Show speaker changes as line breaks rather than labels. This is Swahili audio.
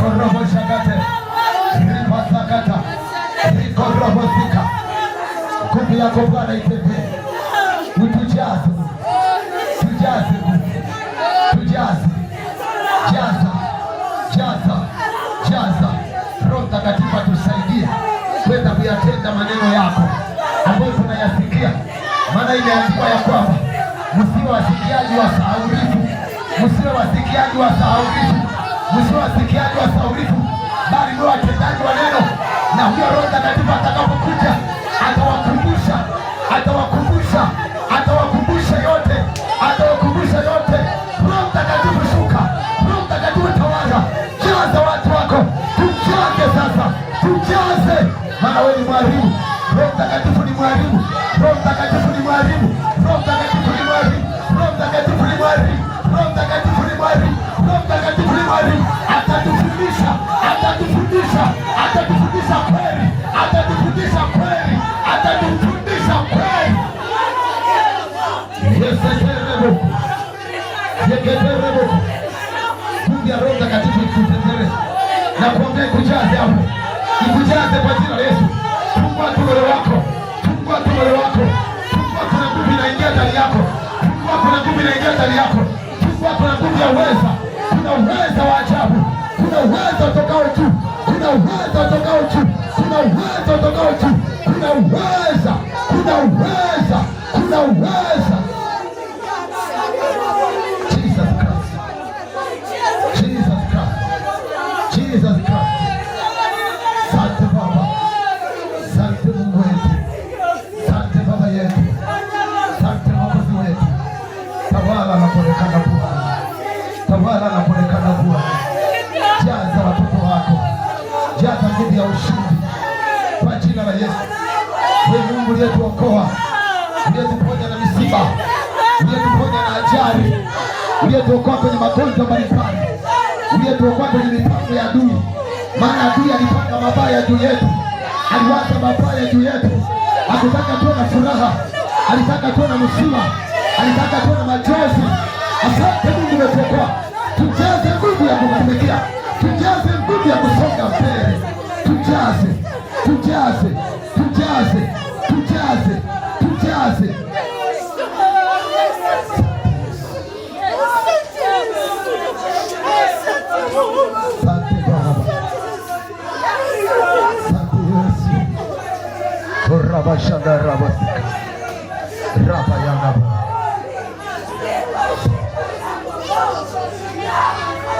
korobo shakate ripasakata yako Bwana itembee, utujaze tujaze tujaze jaza jaza jaza Roho Mtakatifu atusaidie kwenda kuyatenda maneno yako ambayo tunayasikia, maana imeandikwa ya kwamba msiwe wasikiaji wa sahaurifu, msiwe wasikiaji wa sahaurifu msiwe wasikiaji wasaurifu, bali mwe watendaji wa neno. Na huyo Roho Mtakatifu atakapokuja atawakumbusha, atawakumbusha, atawakumbusha yote, atawakumbusha yote. Roho Mtakatifu shuka, Roho Mtakatifu tawala, jaza watu wako, tujaze sasa, tujaze, maana wewe ni mwalimu. Roho Mtakatifu ni mwalimu, Roho Mtakatifu ni mwalimu. peperere kundi ya Roho Mtakatifu ikupeperere na kuombea ikujaze hapo, ikujaze kwa jina la Yesu. Fungua tu moyo wako, fungua tu moyo wako, fungua. Kuna nguvu inaingia ndani yako, fungua. Kuna nguvu inaingia ndani yako, fungua. Kuna nguvu ya uweza, kuna uweza wa ajabu, kuna uweza utokao juu, kuna uweza utokao juu, kuna uweza utokao juu, kuna uweza, kuna uweza ajili ya ushindi kwa jina la Yesu. Wewe Mungu uliyetuokoa, uliyetuponya na misiba, uliyetuponya na ajali, uliyetuokoa kwenye magonjwa mbalimbali, uliyetuokoa kwenye mipango ya adui. Maana adui alipanga mabaya juu yetu, aliwaza mabaya juu yetu, akutaka tuwe na furaha, alitaka tuwe na msiba, alitaka asil. Türkçe asil. Santi Brahma. Santi Yasi.